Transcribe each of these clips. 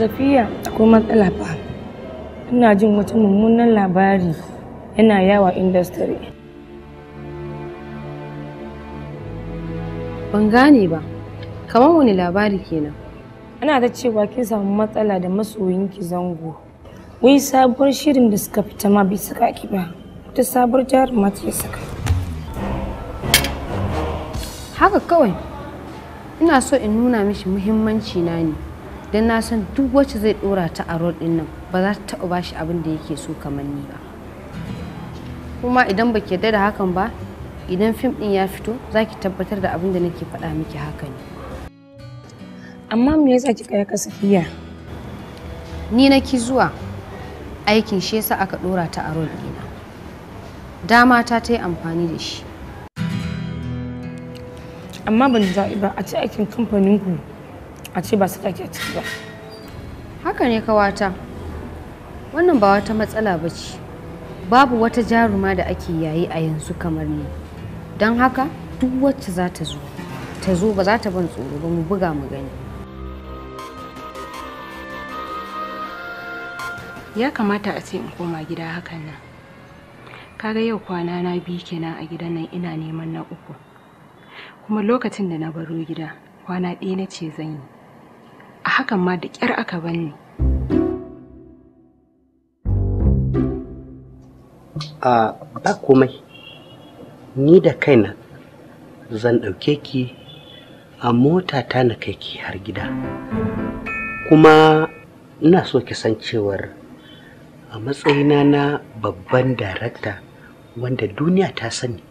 Safiya akwai matsala fa. Ina jin wata mummunan labari yana yawa industry. Ban gane ba, kamar wani labari kenan. Ana ta cewa kin samu matsala da masoyinki zango. Wai sabuwar shirin da suka fita ma bai saka ki ba, ta sabuwar ma ta saka. Haka kawai, ina so in nuna mishi muhimmanci na ne. don na san duk wacce zai dora ta a road din nan ba za ta taɓa bashi abin da yake so kamar ni ba kuma idan ba ke yarda da hakan ba idan fim din ya fito zaki tabbatar da abin da nake faɗa miki haka ne amma me yasa kika yaka kasafiya ni na ki zuwa aikin shi yasa aka dora ta a road dina dama ta ta yi amfani da shi amma ban zaɓi ba a ci aikin kamfanin ku a ce ba su kake ciki ba haka ne kawata wannan ba wata matsala ba ce babu wata jaruma da ake yayi a yanzu kamar ni don haka duk wacce za ta zo ta zo ba za ta ban tsoro ba mu buga mu gani ya kamata a ce in koma gida hakan nan kaga yau kwana na biyu kenan a gidan nan ina neman na uku kuma lokacin da na baro gida kwana ɗaya na ce zan yi a hakan ma da ƙyar aka bani. a ba komai ni da kaina zan ɗauke ki a motata na kai ki har gida kuma ina so ki san cewar a matsayina na babban darakta wanda duniya ta sani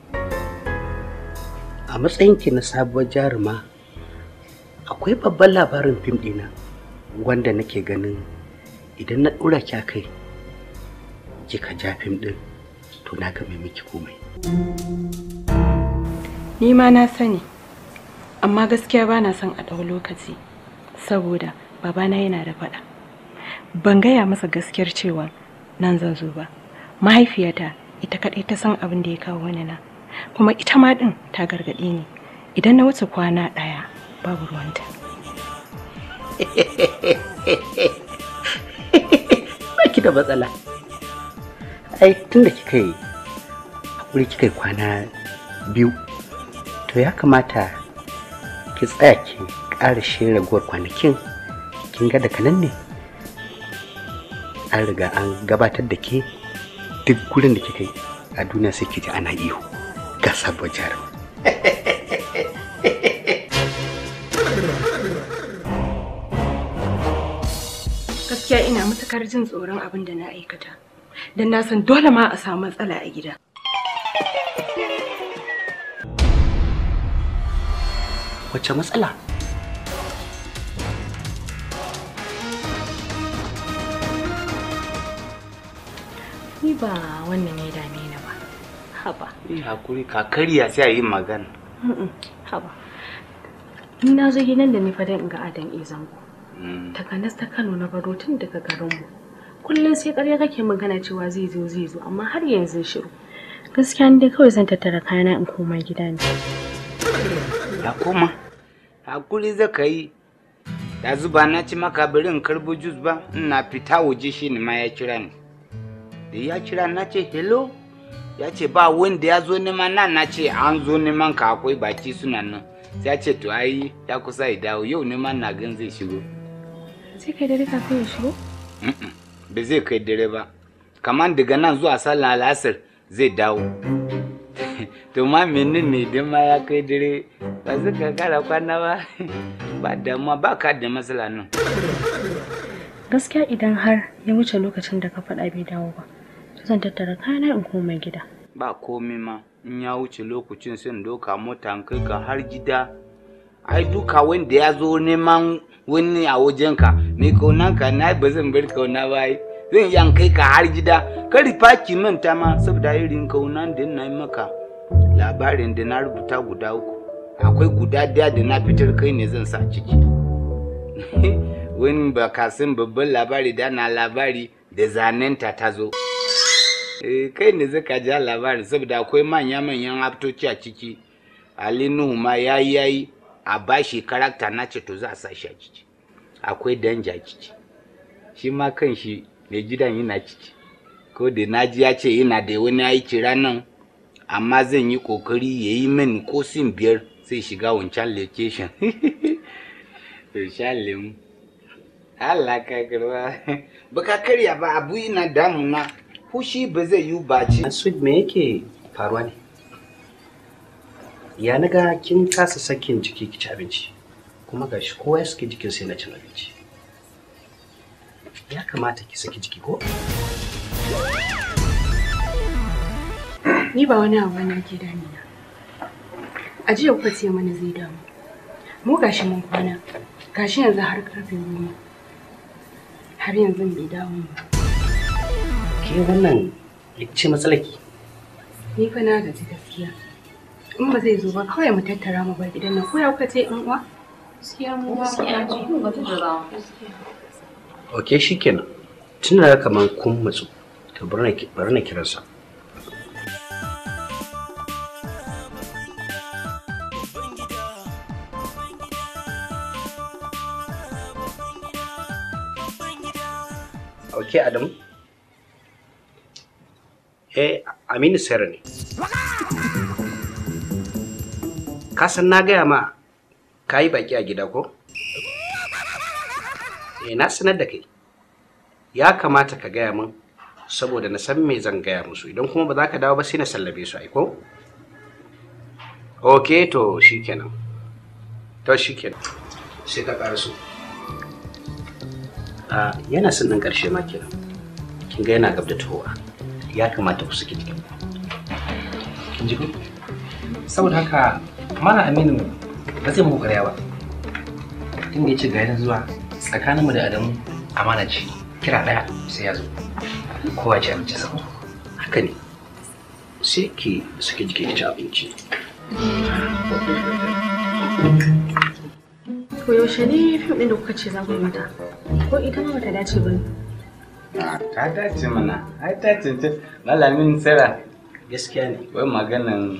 a matsayinki na sabuwar jaruma akwai babban labarin fim ɗina wanda nake ganin idan na ɗora ki kai kika ja fim ɗin to na game miki komai ni ma na sani amma gaskiya ba na son a ɗau lokaci saboda babana yana da faɗa ban gaya masa gaskiyar cewa nan zan zo ba mahaifiyata ita kaɗai ta san abin da ya kawo wani na kuma ita ma ɗin ta gargaɗe ni idan na wuce kwana ɗaya babu ruwanta baki da matsala ai tun da kika yi hakuri kika kwana biyu to ya kamata ki tsaya ki ƙara shi raguwar kwanakin kin ga da nan ne an riga an gabatar da ke duk gurin da kika yi a duniya sai ki ji ana iyo ga sabuwar gaskiya ina matukar jin tsoron abin da na aikata don na san dole ma a samu matsala a gida wacce matsala ni ba wannan ya dame ni ba haba ni hakuri kakariya sai a yi magana haba ni na zo gidan da ni fadan in ga adan izango takanas mm. ta Kano na baro tun daga garinmu kullum sai ƙarya kake min kana cewa zai zo zai zo amma har yanzu shiru gaskiya ni dai kawai zan tattara kayana in koma gida ne ya koma hakuri zaka yi da zuba na ci maka birin in karbo jus ba ina fita waje shi ne ma ya kira ni da ya kira na ce hello ya ce ba wanda ya zo ne ma na ce an zo neman ka akwai baki suna nan sai ya ce to ai ya kusa ya dawo yau neman na gan zai shigo sai kai dare kafin ya shigo ba zai kai dare ba kamar daga nan zuwa sallah al'asar zai dawo to ma menin ne idan ma ya kai dare ba zai ka kara kwana ba ba ma ba ka da matsala nan gaskiya idan har ya wuce lokacin da ka faɗa bai dawo ba zan tattara kayan in koma gida ba komai ma in ya wuce lokacin sun doka mota kai ka har gida ai duka wanda ya zo neman wani a wajenka mai kaunan ka na ba zan bar kauna ba ai zan iya kai ka har gida ka rifa ki manta ma saboda irin kaunan da na maka labarin da na rubuta guda uku akwai guda daya da na fitar kai ne zan sa ciki wani ba ka san babban labari da na labari da zanenta ta zo eh, kai ne zaka ja labari saboda akwai manya-manyan haftoci a ciki ali nuhu ma yayi yayi a ba shi karakta na ce to za a sa shi a ciki akwai danja ciki shi ma kan shi mai gidan yana ciki ko da naji ya ce yana da wani aiki ranar amma zan yi kokari ya yi min ko sin biyar sai shiga wancan location to sha lemu Allah ka girma ba ka karya ba abu yana damuna fushi ba zai yi baci. Sweet me yake faruwa ne? ya naga kin kasa sakin jiki ki ci abinci kuma gashi kowa ya jikin sai na cin abinci ya kamata ki saki jiki ko ni ba wani abu ne ke na a jiya kuka ce mana zai damu mu gashi mun kwana gashi yanzu har karfe goma har yanzu bai dawo mu ke wannan ce matsalaki ni fa na gaji gaskiya in ba zai zo ba kawai mu tattara mu bar gidan nan ko ya kuka ce in uwa gaskiya mu ba ba ta ok shikenan tunda kaman kun matsu to bari na kiransa ok Adamu? Eh, Aminu Sera ne. ka san na gaya ma ka yi baki a gida ko eh na sanar da kai ya kamata ka gaya min saboda na san me zan gaya musu idan kuma ba za ka dawo ba sai na sallabe su ai ko ok to shikenan to shikenan sai ka karasu a ah, yana sannan karshe ma kenan kin ga yana gab da ya kamata ku saki jikin kin ji ko saboda haka mana aminu ba zai muku karya ba tun da ya ce ga yanzu zuwa tsakaninmu da adamu amana ce kira ɗaya sai ya zo kowa ce amince sa haka ne sai ki suke jike ci abinci to yaushe ne fim ɗin da kuka ce za ku mata ko ita ma ta dace ba ne ah, ta dace mana ai ta cancanta malamin sara gaskiya ne wai maganan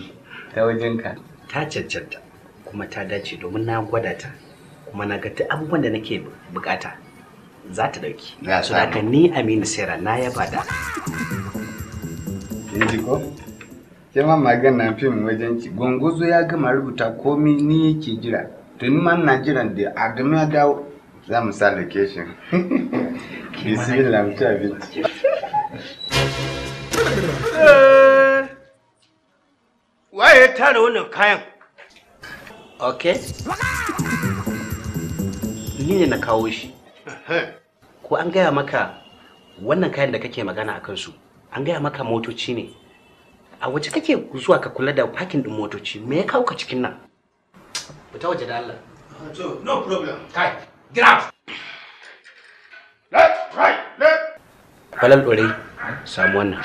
ta wajenka ta cancanta kuma ta dace domin na gwada ta kuma na ga abubuwan da nake bukata za ta dauki su da ni aminu sera na yaba da inji ko ke ma magana fim wajen gunguzo gongozo ya gama rubuta komi ni yake jira to ni ma na jiran da adamu ya dawo za mu sa location bismillah mutu abinci eh. waye ya tara wannan kayan ok ni ne na kawo shi ko an gaya maka wannan kayan da kake magana a kansu an gaya maka motoci ne a waje kake zuwa ka kula da parking din motoci me ya kawo ka cikin nan fita waje da Allah ah, no problem kai get out left right left falal dore samu wannan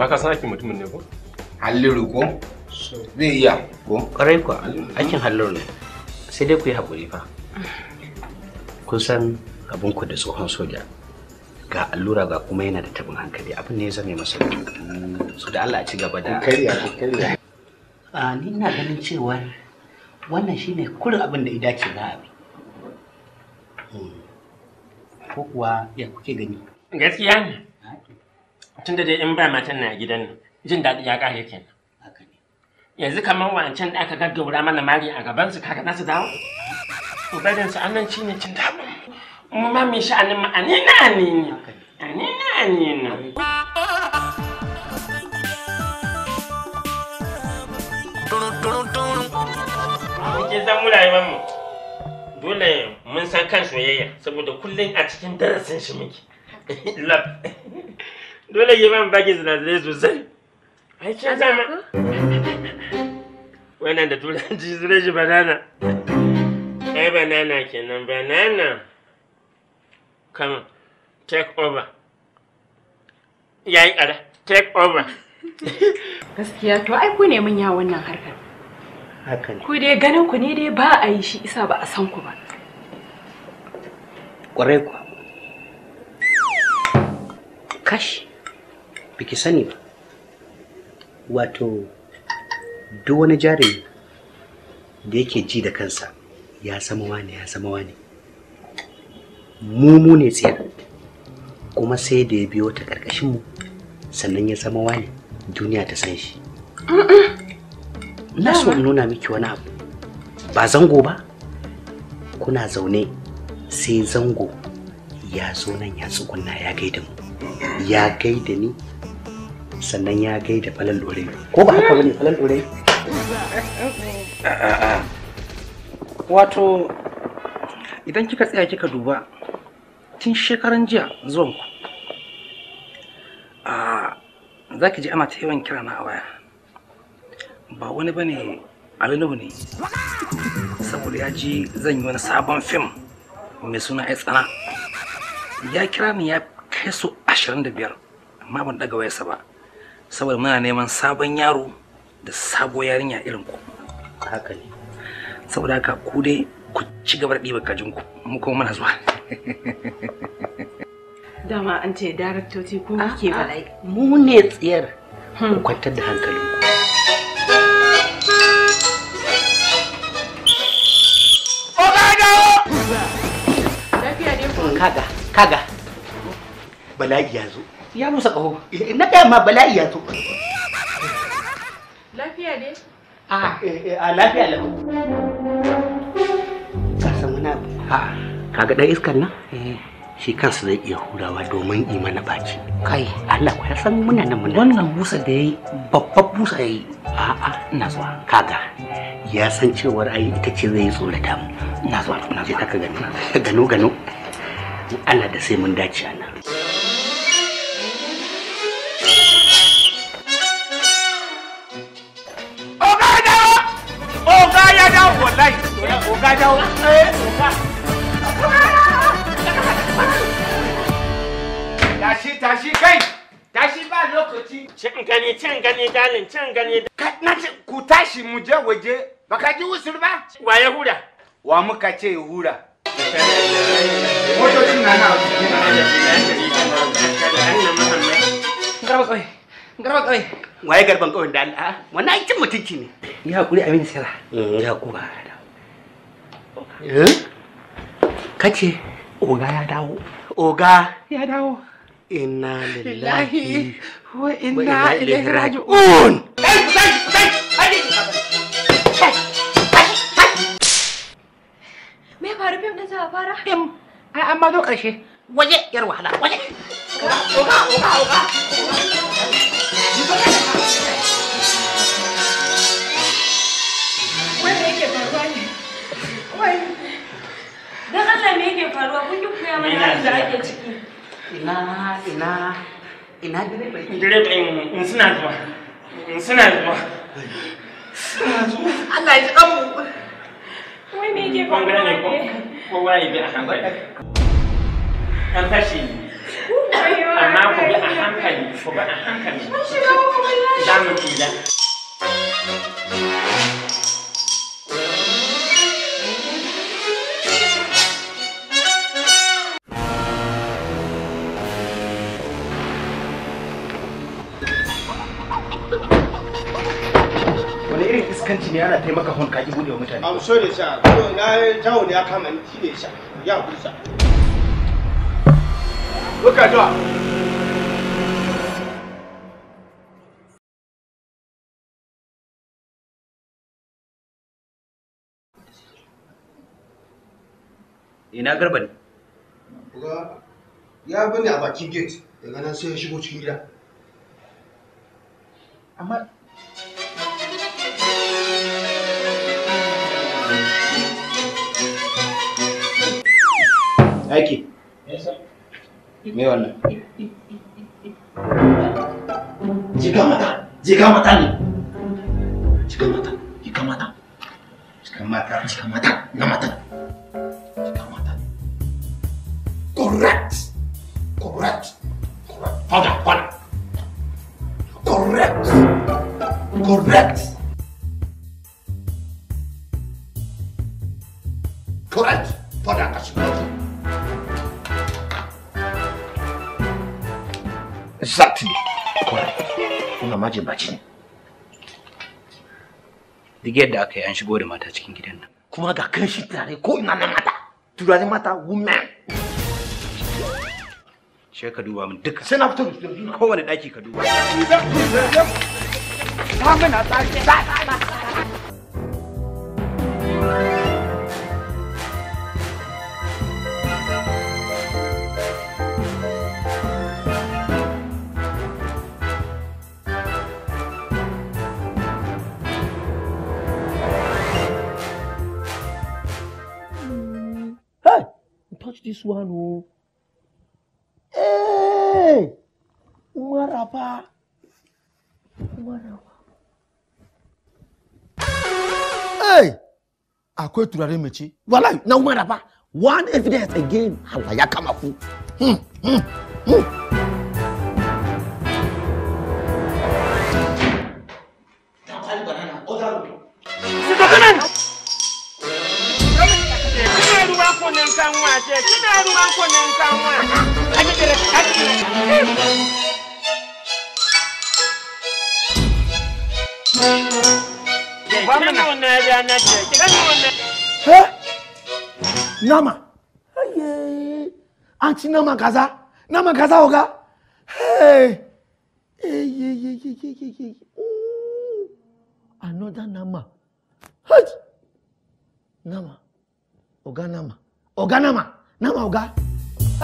amma ka san aikin mutumin ne ko halliru ko zai iya ko ƙwarai kuwa aikin halliru ne sai dai ku yi haƙuri fa kun san abin ku da tsohon soja ga allura ga kuma yana da tabin hankali abin ne ya zame masa su da Allah a ci gaba da kariya kariya a ni ina ganin cewa wannan shine kurin abin da ida ce na abi hmm. ko kuwa ya kuke gani gaskiya ne tun da dai in ba matan na gidan nan jin daɗi ya ƙare kenan yanzu kamar wancan da aka gaggaura mana mari a gabansu kaga nasu su dawo to barin su annan shi ne cin damu mu ma mai sha'anin ma anina anina ne anina Muke san mu rayuwar mu dole mun san kan soyayya saboda kullum a cikin darasin shi muke love dole yi man baki sinadarai sosai ai ce zama wannan da turanci zira shi banana ai banana kenan banana kama take over ya yi ƙara take over gaskiya to ai ku ne mun ya wannan harkar hakan ku dai ganin ku ne dai ba a yi shi isa ba a san ku ba kwarai ku kashi biki sani ba wato duk wani jarumi da yake ji da kansa ya zama wani ya zama wani mu ne tsayar kuma sai da ya biyo ta karkashin mu sannan ya zama wani duniya ta san shi na so in nuna miki wani abu ba zango ba kuna zaune sai zango ya zo nan ya tsukunna ya gaida mu ya gaida ni sannan ya da falal ɗore ko ba haka bane falal ɗore wato idan kika tsaya kika duba tun shekaran jiya zuwan ku ah, za ki ji ana ta yawan kira na a waya ba wani bane alinuhu ne saboda ya ji zan yi wani sabon fim mai suna ai tsana ya kira ni ya kai su 25 amma ban daga wayarsa ba saboda muna neman sabon yaro da sabo yarinya irin ku haka ne saboda haka ku dai ku ci gaba da ɗiba kajin ku mu kuma muna zuwa dama an ce daraktoci ku ke bala'i mu ne tsiyar ku hmm. kwantar da hankalin kaga kaga bala'i ya zo ya musa ƙaho eh, na gaya ma bala'i ya to lafiya ne eh, a lafiya lau ka samu na kaga dan iskan nan eh, shi kansa zai iya hurawa domin yi mana baci. Kai, Allah ya san muna nan muna. Wannan busa da ya yi babban busa ya yi. A'a, ina zuwa. Kaga, ya san cewar ai ita ce zai tsorata mu. Ina zuwa, na zuwa. Ka gano, gano. Allah da sai mun dace a nan. ka dawo eh tashi tashi kai tashi ba lokaci cin gani cin gani dalin cin gani na ce ku tashi mu je waje baka ji usul ba wa ya hura wa muka ce ya hura motocin na na garba kawai garba kawai waye garban kawai da Allah wannan aikin mutunci ne eh, ya hakuri amin sira ya hakuri Eh? kace oga ya dawo oga ya dawo inna lillahi wa inna ilaihi raji'un me faru fim din sa fara fim ai amma zo karshe waje yar wahala waje oga oga oga kawai don Allah me yake faruwa kun duk ya da ake ciki ina ina ina direban direban in suna zuwa in suna zuwa Allah ya ji kanmu wai me yake faruwa ne kowa ya bi a hankali an tashi amma ku bi a hankali ku bi a hankali za mu kanci ne yana taimaka hon kaki bude wa mutane am da sha. to na yi jawo ne ya kama ni shine sha. ya hakuri sir look at ina garba ne ya bani a bakin gate daga nan sai ya shigo cikin gida amma Aiki. Me wannan? Jika mata, jika mata ne. Jika mata, jika mata. Jika mata, jika mata, na mata. Jika mata. Correct. Correct. Correct. Powder, powder. Correct. Correct. duk yadda aka yi an shigo da mata cikin gidan nan kuma ga kan shi turare ko ina na mata turare mata women. shi ka duba min duka sai na fito da kowane daki ka duba ta mana ta ta this one o oh. hey! umara fa umara fa. Hey! akwai turare mace wallahi na umara fa one evidence again Allah ya Hmm, hmm, hmm. kanwa ce kina ruwan a Nama. Aye. Anti nama kaza. Nama kaza oga. Hey. Hey, ye, mm. Another nama. Hey. Nama. Oga nama. Oga náà mà náà mà ọ̀gá.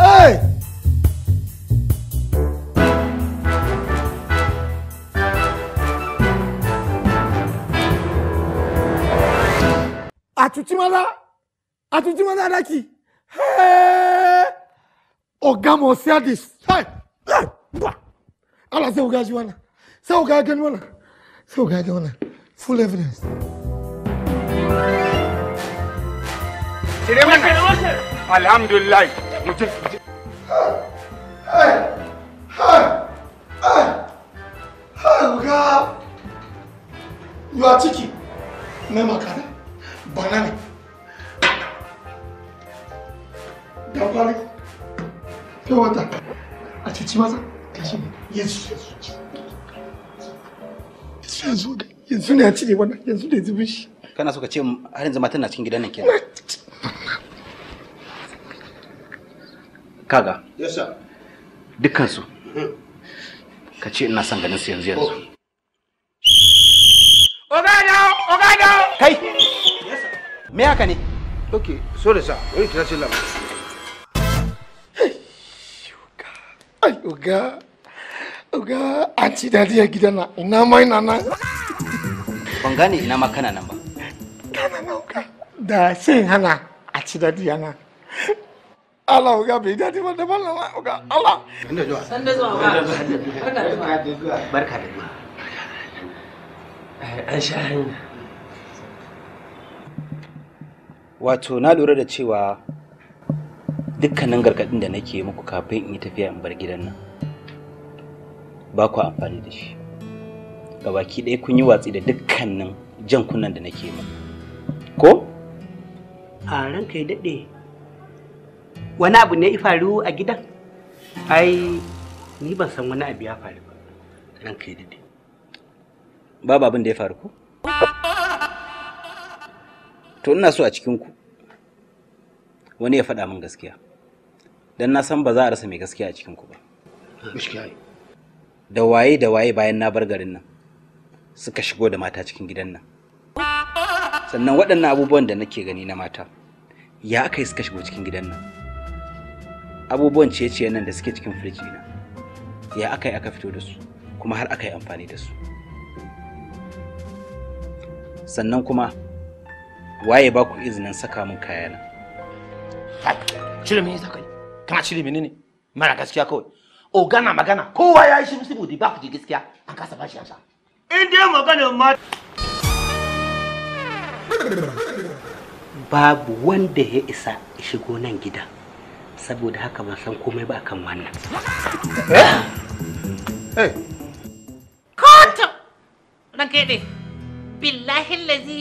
Hey! àtútímọ́lá àtútímọ́lá adákì ọ̀gá Oga sí àdìs ala sẹ́wọ̀gá ṣe wọn na sẹ́wọ̀gá gẹ́ni wọn na sẹ́wọ̀gá gẹ́ni wọn na full evidence. cire mana alhamdulillah mu je ga yuwa ciki na makara banana da kwari kai wata a cici masa kashi ne yesu yesu yanzu yanzu ne a cire wannan yanzu ne zubin shi kana so ka ce har yanzu matan na cikin gidan nan kenan kaga dukkansu mm-hmm. ka ce ina son ganin su yanzu yanzu oh. ogado ogado kai me haka ne ok so da sa wani kira sai labar ai oga oga an ci dadi a gidan na ina mai na nan ban gane ina ma kana nan ba kana nan oga da sai hana a ci dadi yana Allah ga bai daɗi ba da mallan ga Allah. Inda zuwa. San da zuwa Barka da zuwa. Barka da zuwa. An sha hanya. Wato na lura da cewa dukkanin gargadin da nake muku kafin in yi tafiya in bar gidan nan ba ku amfani da shi. Gabaki ɗaya kun yi watsi da dukkanin jan kunnan da nake muku. Ko? A ranka ya daɗe wani abu ne ya faru a gidan ai ni ban san wani abu ya faru ba ranka ya dade babu abin da ya faru ko to ina so a cikin ku wani ya faɗa min gaskiya dan na san ba za a rasa mai gaskiya a cikin ku ba da waye da waye bayan na bar garin nan suka shigo da mata cikin gidan nan sannan waɗannan abubuwan da nake gani na mata ya aka yi suka shigo cikin gidan nan abubuwan ciye-ciye nan da suke cikin firiji na ya aka yi aka fito da su kuma har aka yi amfani da su sannan kuma waye ba ku izinin saka mun na cire mene zaka yi kana cire mene ne mara gaskiya kawai ogana magana kowa ya yi shi musu ba ku ji gaskiya an kasa bashi yansa in dai magana ma babu wanda ya isa shigo nan gidan saboda haka ban san komai ba akan wannan eh? eh. kotu kai yadda billahi lazi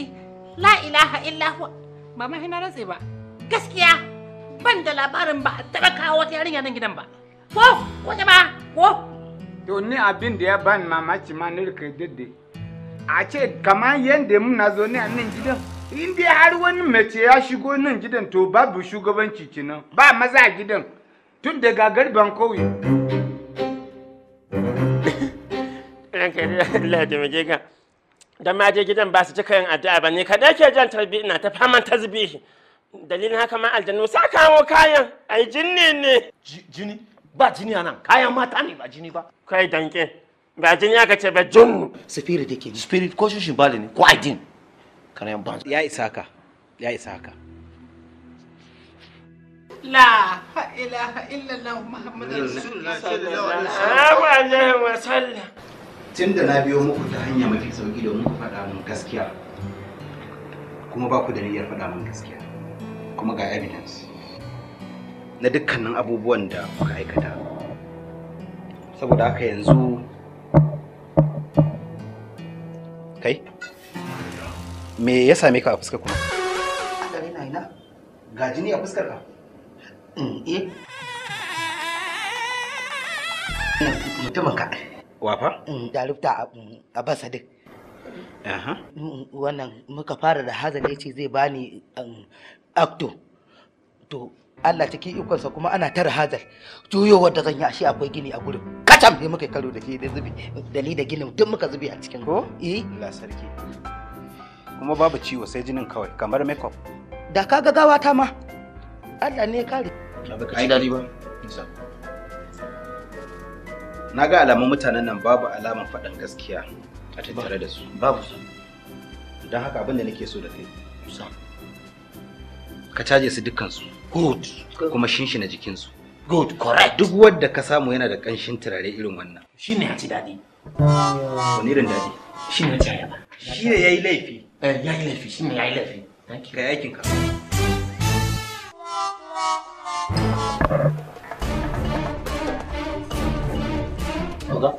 la ilaha illahu ba ma hina ratse ba gaskiya ban da labarin ba a taɓa kawo wata yarinya nan gidan ba ko ko jama'a ko to ni abin da ya bani mamaci ma ni rika a ce kamar yadda muna zo ne a nan gidan in dai har wani mace ya shigo nan gidan to babu shugabanci kenan ba maza a gidan tun daga garban kauye ranka da muke ka don ma je gidan ba su cika yin addu'a ba ne kaɗai ke jan tarbi ina ta faman tazbihi. dalilin haka ma aljannu sa kawo kayan ai jinni ne jini ba jini a nan kayan mata ne ba jini ba kai danke ba jini aka ce ba jinnu spirit dake. spirit ko shi shi ne ko aidin kanayin ba. Ya isa ka. Ya isa ka. La ilaha illallah Muhammadur Rasulullah sallallahu alaihi wa sallam. Tun da na biyo muku ta hanya mafi sauki domin ku faɗa mun gaskiya. Kuma ba ku da niyyar faɗa mun gaskiya. Kuma ga evidence. Na dukkanin abubuwan da kuka aikata. Saboda haka yanzu kai? Okay. me ya same ka a fuskar kuma adare na ina ga jini a fuskar ka mm, eh mutumin ka wafa da mm, rufta a mm, basa duk wannan muka fara da hazan ya ce zai bani um, akto to Allah cikin ikonsa kuma ana tara hazar juyowar da zan yi ashe akwai gini a gurin kacam. sai muka karo da shi da zubi da ni da ginin duk muka zubi a cikin ko eh la sarki kuma babu ciwo sai jinin kawai kamar makeup da ka ga gawa ta ma Allah ne kare dadi ba na ga alamun mutanen nan babu alaman faɗan gaskiya a tattare da su babu su don haka abin da nake so da kai ka caje su dukkan su good kuma shinshina jikin su good correct duk wanda ka samu yana da kanshin turare irin wannan shine ya ci dadi wani irin dadi shine ya ci ayaba shine yayi laifi Eh, ya yi laifi shi ne ya yi laifi na kira ka Oga,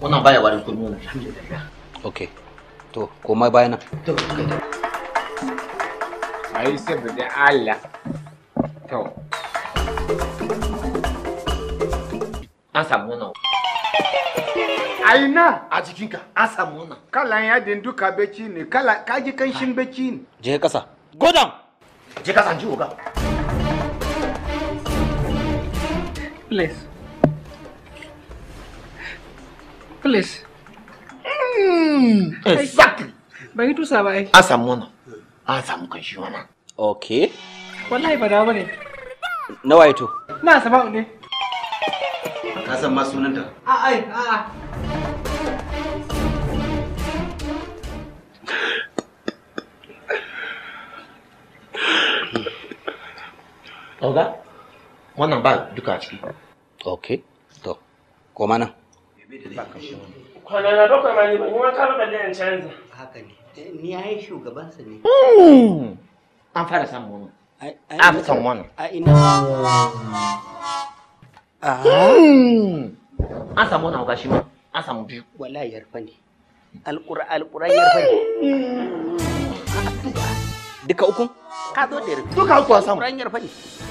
wannan baya warin kulmi ne, alhamdulillah. Okay. To, komai baya nan. To, Ai saboda Allah. To. An samu wannan. a ina a jikinka an samu wannan kalan yadin duka beki ne kala kaji kanshin beki ne je kasa godan je kasa ji oga please please mm, exactly yi tusa ba ai an samu wannan an samu kanshi wannan okay wallahi ba da bane nawa ito na saba'u ne ka san ma sunanta a'a a'a Oga, wannan ba duka ciki. Ok, to, koma nan. kwanana na ma ne ba, ka da canza. Haka eh, ni ya yi ne. An fara samun wani. wani. A ina. Ah. An samu wani ma, an samu biyu. Wala yarfa ne. Alƙura, alƙura yarfa ne. Hmm. ka zo da yarfi duka kuwa samu ranyar fadi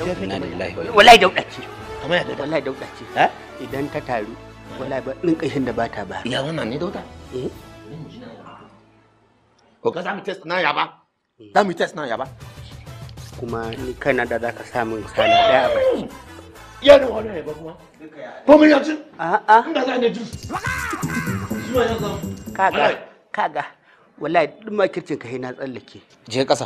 yarfi na lillahi wallahi kamar yadda wallahi idan ta taru wallahi ba din kashin da ba ya wannan ne dauda eh ko ka samu test na yaba eh. za mu test na kuma ni kana da zaka samu sana daya ba yana wani yaba kuma ko mun a'a inda za ne juice kaga kaga wallahi duk makircin ka na tsallake je kasa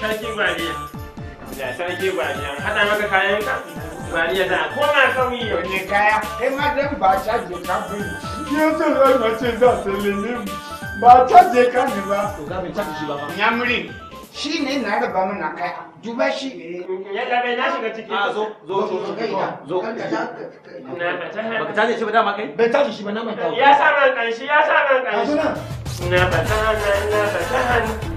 sarki gwariya ya sarki gwariya haɗa maka kayan ka gwariya da koma kauye yau ne kaya kai ma dan ba ta je ka bin ya san ran ma ce za ta lele ba ta je ka ne ba to ga bin ta shi ba ya muri shi ne na raba mana kaya duba shi yadda bai na shiga ciki a zo zo zo zo zo baka tashi shi ba dama kai bai tashi shi ba na manta ya sa ran kanshi ya sa ran kanshi na fatahan na fatahan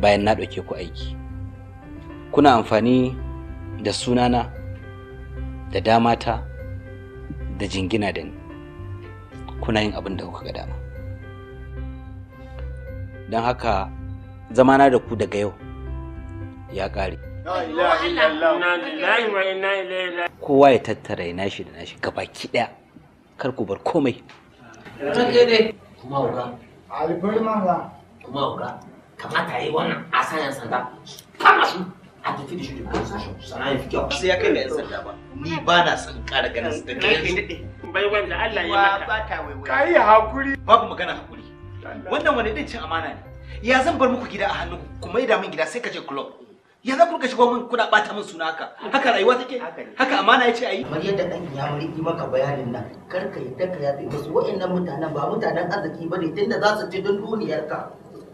bayan na ɗauke ku aiki kuna amfani da sunana da damata da jingina da ni kuna yin abin da kuka ga dama don haka zamana da ku daga yau ya ƙare kowa ya tattara ya nashi da nashi gabaki ɗaya kar ku bar komai kuma kuma kamata a yi wannan asayan sanda kama su a tafi da shi da kuma sashen sana yi fi kyau sai ya kai ga yan sanda ba ni ba na san kara ganin su daga ba bai wanda Allah ya maka ka yi hakuri babu magana hakuri wannan wani din cin amana ne ya zan bar muku gida a hannu ku maida min gida sai ka je club ya za ku ka shigo min kuna bata min suna haka haka rayuwa take haka amana yace ayi kamar yadda dan ya muri yi maka bayanin nan karka ka yadda ka yafi wasu wa'annan mutanen ba mutanen arziki bane tunda za su ci don duniyar ka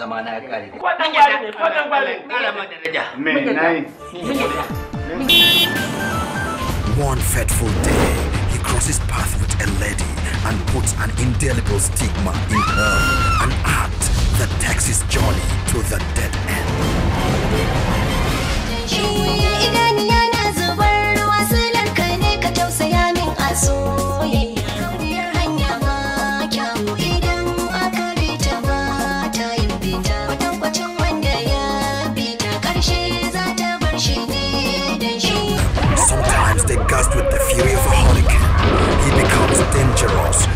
One fateful day, he crosses path with a lady and puts an indelible stigma in her, an act that takes his journey to the dead end. dangerous.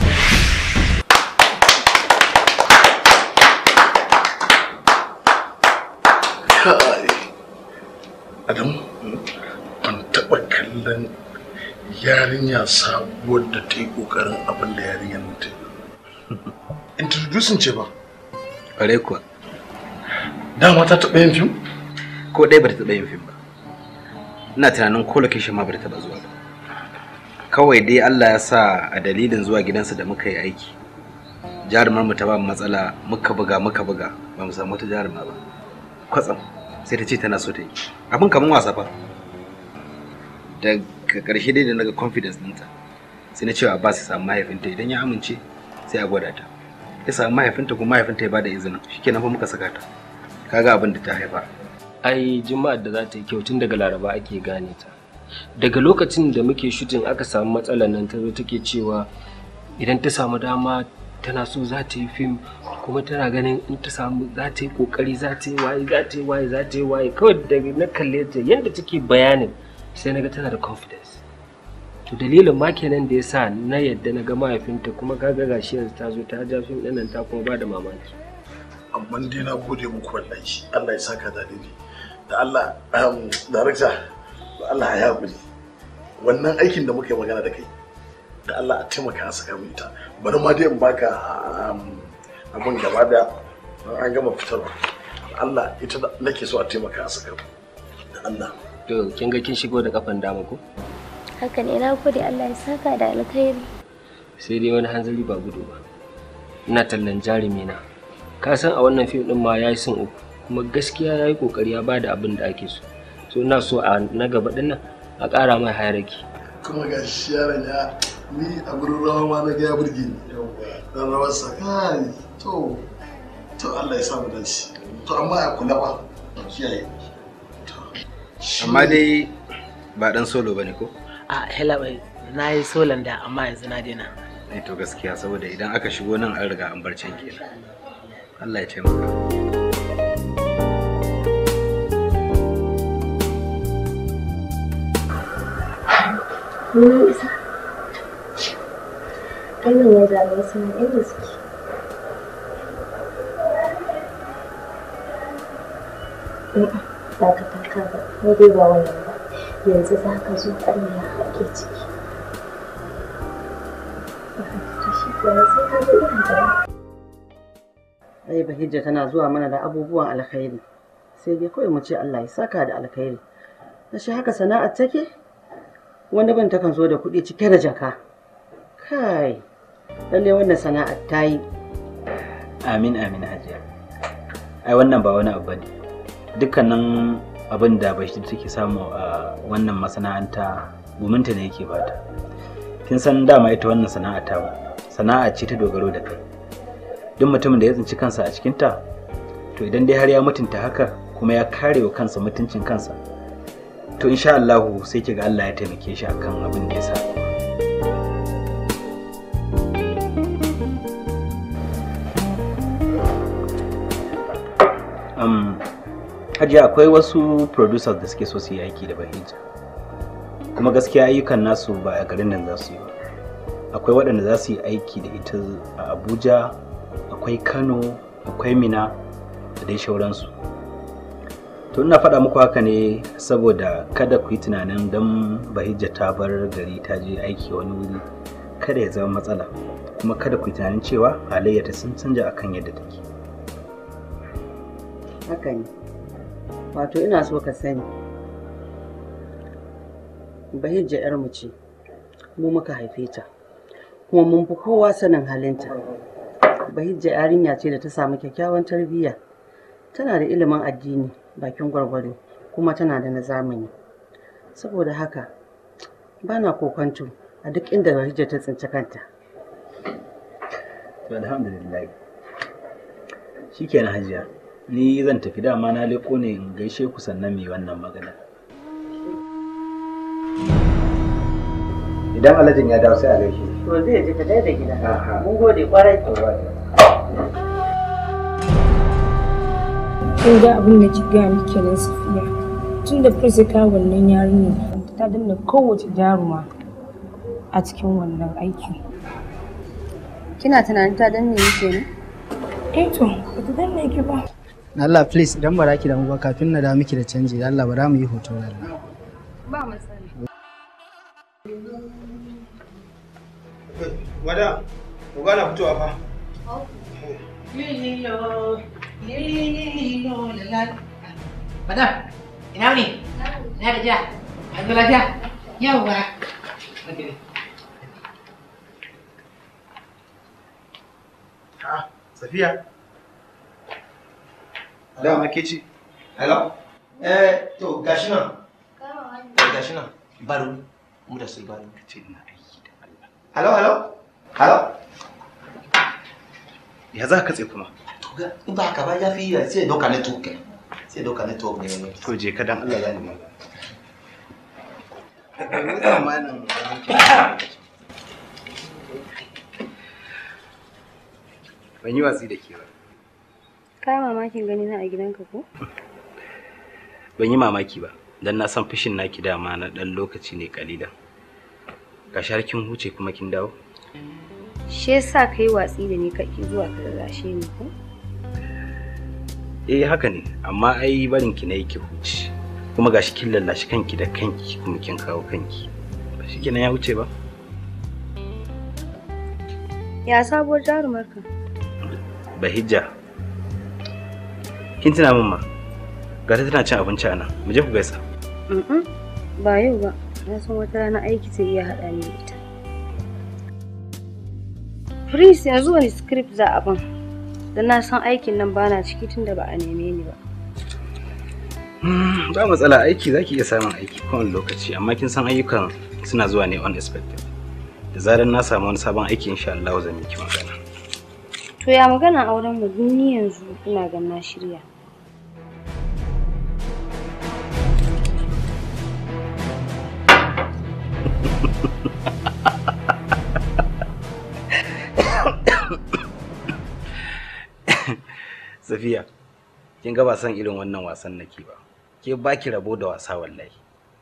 Adam, ban taɓa kallon yarinya sabuwar da ta yi ƙoƙarin abin da yarinyar ta Introducing ce ba? Ƙware kuwa. Dama ta taɓa yin fim? Ko ɗaya ba ta taɓa yin fim ba. Ina tunanin ko location ma ba ta taɓa zuwa ba. kawai dai Allah ya sa a dalilin zuwa gidansa da muka yi aiki jarumar mu ta ba matsala muka buga muka buga ba mu samu wata jaruma ba kwatsam sai ta ce tana so ta yi abin kamar wasa fa daga ƙarshe dai da naga confidence ɗinta sai na cewa Abbas ya samu mahaifinta idan ya amince sai a gwada ta ya samu mahaifinta kuma mahaifinta ya bada izinin shikenan fa muka saka ta kaga abin da ta haifa ai juma'ar da za ta yi kyau tun daga laraba ake gane ta daga lokacin da muke shutin aka samu matsalar nan ta zo take cewa idan ta samu dama tana so za ta yi fim kuma tana ganin in ta samu za ta yi kokari za ta yi waye za ta yi waye za ta yi waye kawai daga na kalle ta yadda take bayanin sai naga tana da confidence to dalilin ma kenan da yasa na yadda na ga mahaifinta kuma kaga gashi yanzu ta zo ta ja fim nan ta kuma ba da mamaki amma dai na gode muku wallahi Allah ya saka da da Allah um, director Allah ya guri wannan aikin da muka yi magana da kai da Allah a taimaka a saka ita bari ma dai in baka um, abun gaba da an gama fitarwa Allah ita nake so a taimaka a saka da Allah to kin ga kin shigo da kafan dama ko haka ne na gode Allah ya saka da alkhairi sai dai wani hanzari ba gudu ba ina tallan jarumi na ka san a wannan fim din ma yayi sun uku kuma gaskiya yayi kokari ya bada abin da ake so so ina so a na gaba nan a ƙara mai hayaraki kuma ga shi da ya ni a gurin rawa ma na gaya burge ni dan rawar sa kai to to Allah ya samu shi to amma ya kula ba kiyaye amma dai ba dan solo bane ko a hela bai na yi solon da amma yanzu na dena. daina eh to gaskiya saboda idan aka shigo nan an riga an bar can kenan Allah ya taimaka Mun isa. Wannan ya zama suna inda suke. Ba ka taka ba, ko dai ba wannan ba. Yanzu za ka zo ƙarya ake ciki. Ai Bahijja tana zuwa mana da abubuwan alkhairi. Sai dai kawai mu ce Allah ya saka da alkhairi. Na shi haka sana'ar take? wani ban takan zo da kuɗi cike da jaka kai lalle wannan sana'ar ta yi amin amin hajiya ai wannan ba wani abu ne dukkanin abin da bashi take samu a wannan masana'anta guminta ne yake bata kin san dama ita wannan sana'a ta sana'a ce ta dogaro da kai duk mutumin da ya tsinci kansa a cikinta to idan dai har ya mutunta haka kuma ya kare wa kansa mutuncin kansa to insha Allah sai ki ga Allah ya taimake shi akan abin da ya sa um, akwai wasu producers da suke so su yi aiki da bahija kuma gaskiya ayyukan nasu ba a garin nan za su yi ba akwai waɗanda za su yi aiki da ita a abuja akwai kano akwai mina da dai shauransu tun na faɗa muku haka ne saboda kada ku yi tunanin don bahijja ta bar gari ta je aiki wani wuri kada ya zama matsala kuma kada ku yi tunanin cewa ta sun canja akan yadda take haka ne wato ina so ka sani bahijja yar mu ce mu muka haife ta kuma mun fi kowa sanin halinta bahijja yarinya ce da ta samu kyakkyawan tarbiyya tana da ilimin addini bakin gwargwado kuma tana da na zamani saboda haka ba na kokonto a duk inda Khadija ta tsinci kanta shi ke na hajiya ni zan tafi dama na leko ne in gaishe ku sannan mai wannan magana idan alajin ya dawo sai a gaishe to zai ji ta da gida mun gode kwarai kin ga abin da ki gaya miki kenan safiya tun da ka wannan yarinya ta danna kowace jaruma a cikin wannan aiki. kina tunanin ta danne ni ne eh to ta danne yake ba Allah please idan ba ki damu ba kafin na da miki da canji Allah ba za mu yi hoto da Allah ba matsala wada ku gana fitowa fa. Okay. Madam, ina wuni? Ina da jiya? An zo lafiya? Yawwa. Ah, Safiya. Dama ke ce. Hello? Eh, to gashi nan. Eh, gashi nan. Baro. Mu da su baro. Ka ina aiki da Allah. Hello, hello? Hello? Ya za ka katse kuma? in ba haka ba ya fi sai ya dauka network kenan sai ya dauka network ne to je ka dan Allah ya nemi ban yi watsi da ke ba ka mamakin gani na a gidanka ko ban yi mamaki ba dan na san fushin naki dama na dan lokaci ne kalilan ga sharkin huce kuma kin dawo shi yasa kai watsi da ni kake zuwa ka rarrashe ni ko eh haka ne amma ai barin ki na yake huce kuma gashi kin lallashi kanki da kanki kuma kin kawo kanki ba shi kenan ya huce ba ya sabuwar jarumar ka bahijja kin tuna min ma ga ta tana cin abinci ana, mu je ku gaisa ba yau ba na san wata rana aiki sai iya haɗa ni da ita Prince yanzu wani script za a ban don na san aikin nan bana ciki tun da ba a neme ni ba hmm, ba matsala aiki zaki iya samun aiki kowane lokaci amma kin san ayyukan suna zuwa ne unexpected da zarar na samu wani sabon aiki insha Allah zan miki magana to ya magana auren mu duniyan yanzu ina ganin na shirya Safiya, kin ga ba san irin wannan wasan nake ba. Ke ba ki rabo da wasa wallahi.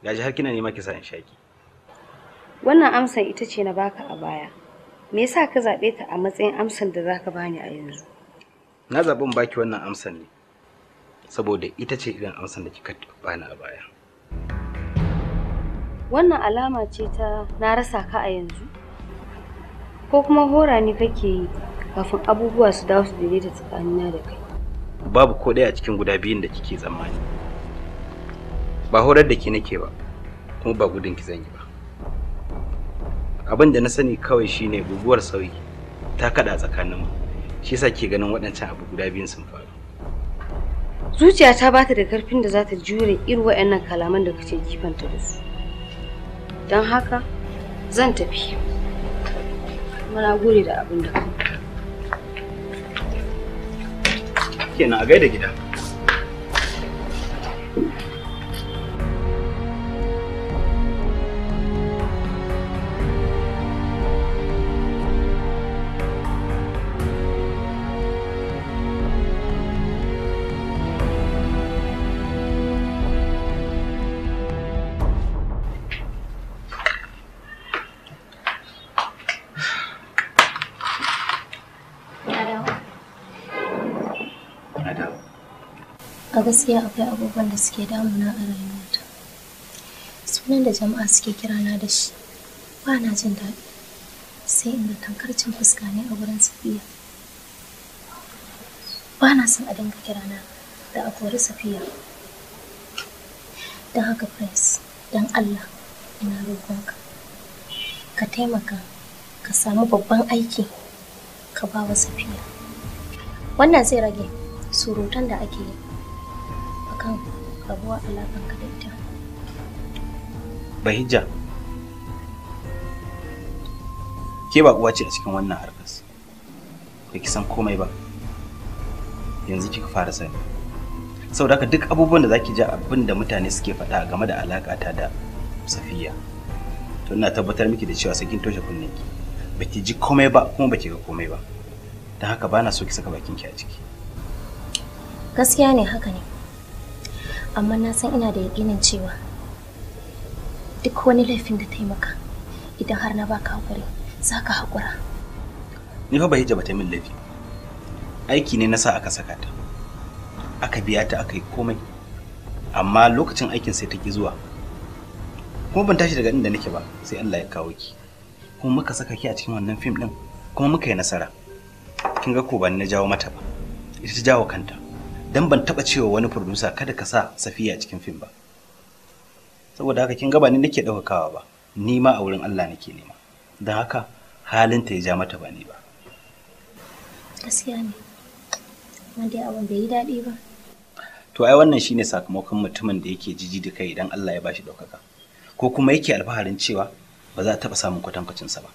gaji har kina nema ki sa in shaki. Wannan amsan ita ce na baka a baya. Me yasa ka zabe ta a matsayin amsan da zaka bani a yanzu? Na zaɓi in baki wannan amsan ne. Saboda ita ce irin amsan da kika bani a baya. Wannan alama ce ta na rasa ka a yanzu? Ko kuma hora ne kake yi kafin abubuwa su dawo su daidaita tsakanina da kai? babu ko ɗaya a cikin guda biyun da kike tsammani ba horar da ke nake ba kuma ba gudun ki zan yi ba abin da na sani kawai shine guguwar sauyi ta kada tsakaninmu shi yasa ke ganin waɗancan abu guda biyun sun faru zuciyata ba ta da karfin da za ta jure irin waɗannan kalaman da kace kifanta da su don haka zan tafi muna gode da abin da kenan a gaida gida gaskiya akwai abubuwan da suke damuna a rayuwata sunan da jama'a suke kira na da shi ba na jin daɗi sai inda tankarcin fuska ne a wurin safiya ba na son a dinga kira na da a kori safiya don haka prince don allah ina roƙonka ka taimaka ka samu babban aiki ka ba wa safiya wannan zai rage surutan da ake yi akan rabuwa alaƙar ka da ita bahijja ke ba uwa ce a cikin wannan harkas ba ki san komai ba yanzu kika fara sani saboda haka duk abubuwan da zaki ji abin da mutane suke faɗa game da alaƙata da safiya to ina tabbatar miki da cewa sai sakin toshe kunne ba ki ji komai ba kuma ba ki ga komai ba don haka ba so ki saka bakin ki a ciki gaskiya ne haka ne amma na san ina da yakinin cewa duk wani laifin da maka idan har na baka hakuri za ka Ni fa bai ba ta min laifi. Aiki ne na sa aka saka ta. Aka biya ta aka yi komai. Amma lokacin aikin sai ta ki zuwa. Kuma ban tashi daga inda nake ba sai Allah ya kawo ki. Kuma muka saka ki a cikin wannan fim din kuma muka yi nasara. Kin ga ko ba ni na jawo mata ba. Ita ta jawo kanta. dan ban taba cewa wani furdusa, kada ka sa safiya cikin fim ba saboda haka kin gaba ni nake ɗaukakawa ba ni ma a wurin Allah nake nema don haka halinta ya ja mata ba ni ba gaskiya ne wanda abin bai yi daɗi ba to ai wannan shine sakamakon mutumin da yake jiji da kai idan Allah ya bashi ɗaukaka ko kuma yake alfaharin cewa ba za a taba samun sa ba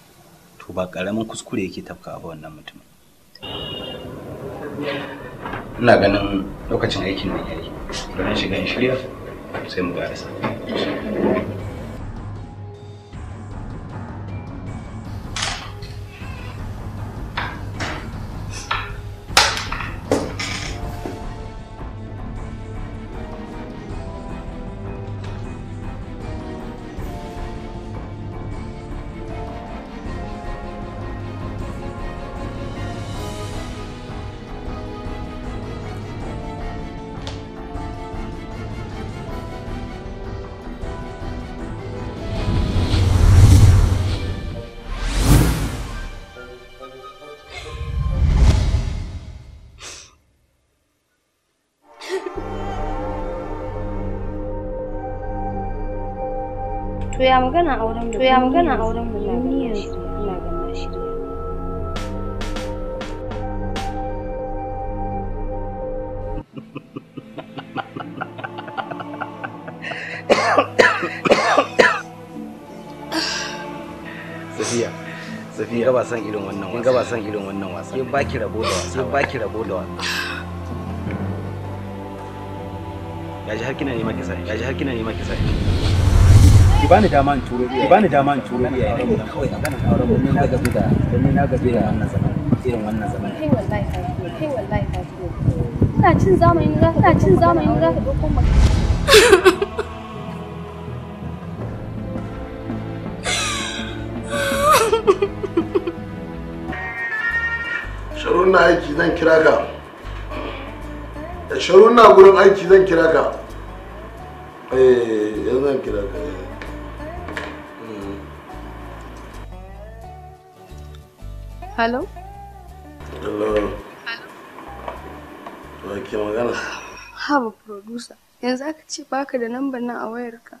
to ba karamin kuskure yake tafkawa ba wannan mutumin ina ganin lokacin aikin da yayi don shiga in shirya sai mu sa magana auren mu. To ya magana auren mu na ni yanzu ina ga na Safiya, Safiya ba san irin wannan wasa. Ba san irin wannan wasa. Sai baki rabo da wasa. Sai baki rabo da wasa. Ya ji har kina nema kisa, ya ji har kina nema kisa. ki bani dama in turo ki bani dama in turo ki kawai a ganin auren mun na gaji da mun na gaji da wannan zaman irin wannan zaman kai wallahi kai kai wallahi kai kana cin zamanin za kana cin zamanin za ka dauko mu Sharuna aiki zan kira ka. Da Sharuna gurin aiki zan kira ka. Eh, yanzu zan kira ka. Hello? Hello. Hello. ke magana? Haba producer, yanzu aka ce baka da lambar nan a wayarka.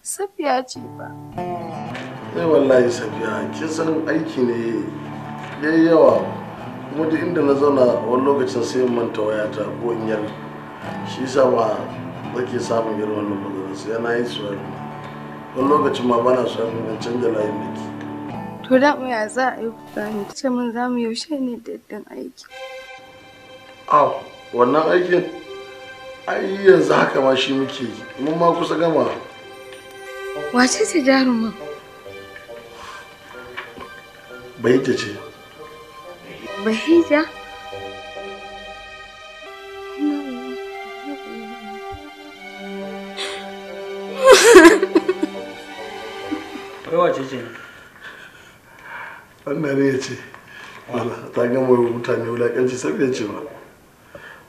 Safiya ce ba. Sai eh, wallahi Safiya, kin san aiki ne yayi yawa. Kuma duk inda na zauna wani lokacin sai in manta wayata ko in yar. Shi yasa ba nake samun irin wannan magana sai na yi suwari. Wani lokacin ma bana suwari in canza layin da ke. To da mu ya za a yi gane ce mun za mu yaushe ne da daddin aiki. Aw, wannan aikin ai yanzu haka ma shi muke yi. Mun ma kusa gama. Wace ce jarumin? Bahija ce. Bahija? Wai wace ce wannan ne ya ce ta gama wa mutane wulaƙanci saboda ce ba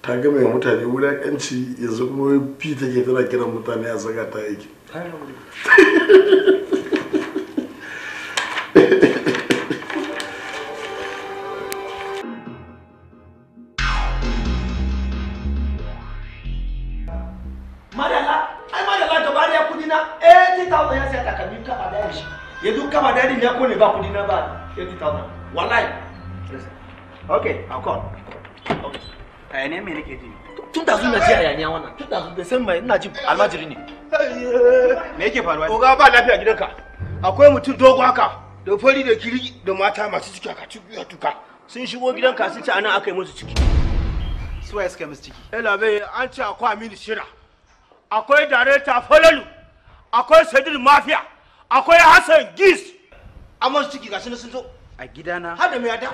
ta gama wa mutane wulaƙanci yanzu kuma bi ta take tana kiran mutane a saka ta aiki ya kone ba kudi na ba 20,000 wallahi okay i'll call a yanayi mai nake ji tun da suna ji a yaniya wannan tun da da san mai ina ji almajiri ne me yake faruwa oga ba lafiya gidanka akwai mutum dogo kan da fari da kiri da mata masu ciki haka ciki ya tuka sun shigo gidanka sun ce anan aka yi musu ciki suwaye suka musu ciki eh labe an sira akwai aminu shira akwai dareta falalu akwai sadir mafia akwai hassan gis amon ciki ga na sun zo a gidana har da mai to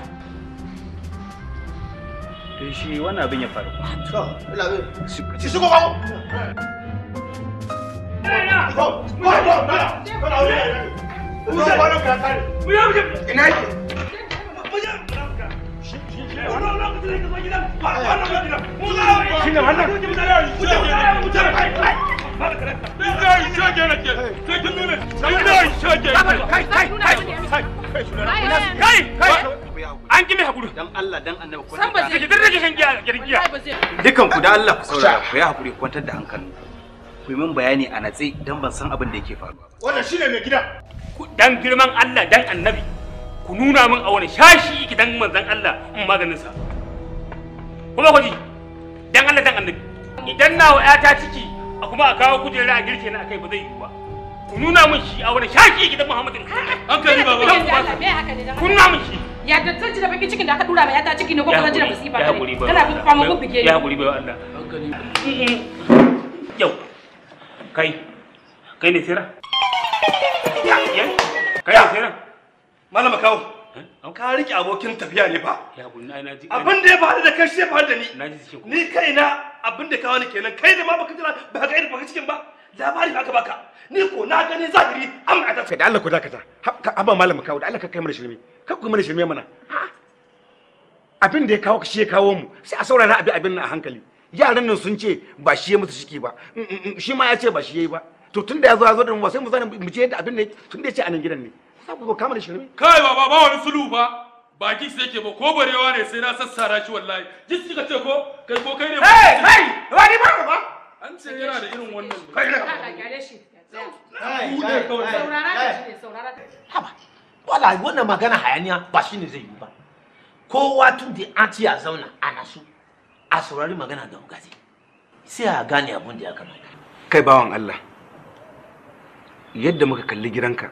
shi wannan abin ya faru to ci su Ina Billahi shage nake. Sai Kai kai. kai An hakuri. ko. Dukan ku da Allah ku saurara ku yi hakuri kwantar da hankalin. Ku yi min bayani a natse dan ban san abin da yake faruwa. Wannan shine mai gida. Dan girman Allah dan Annabi. Ku nuna min a wani shashi ki dan manzon Allah in maganin sa. Kuma ku ji. Dan Allah dan Annabi. Idan nawa 'yata ciki a kuma a kawo kujera a girke na akai ba zai yi ba ku nuna min shi a wani shaki gidan Muhammadu hankali ba ba ku nuna min shi ya da ta ji da baki cikin da aka dura ma ya ta ciki ne ko kuma ji da musiba ne kana bin kwamo ko bige ya guri ba Allah hankali yau kai kai ne sira kai ne tsira malama kawo ka rike abokin tafiya ne ba abin da ya faru da kai shi ya faru da ni ni kaina abin da kawo ni kenan kai da ma baka jira ba ka irin baka cikin ba labari ba ka baka ni ko na gani zahiri an ka tafi da Allah ku dakata abba malam kawo da Allah ka kai mana shirme ka ku mana shirme mana abin da ya kawo shi ya kawo mu sai a saurara abin abin a hankali yaran nan sun ce ba shi ya musu shiki ba mm, mm, mm, shi ma ya ce ba shi yi ba to tun da ya zo ya zo da mu sai mu zana mu je yadda abin ne tun da ya ce a nan gidan ne Abu kama da shirme. Kai baba ba wani sulu ba. Baki sai yake ba ko barewa ne sai na sassara shi wallahi. Jis ka ce ko kai ko kai ne. Hey hey ni ba ba. An ce yana da irin wannan. Kai ne. Ka gare shi. Saurara ka Haba. Wallahi wannan magana hayaniya ba shi ne zai yi ba. Kowa tun da an ci a zauna ana so a saurari magana da ugaze. Sai a gane abun da ya kamata. Kai bawan Allah. Yadda muka kalli gidanka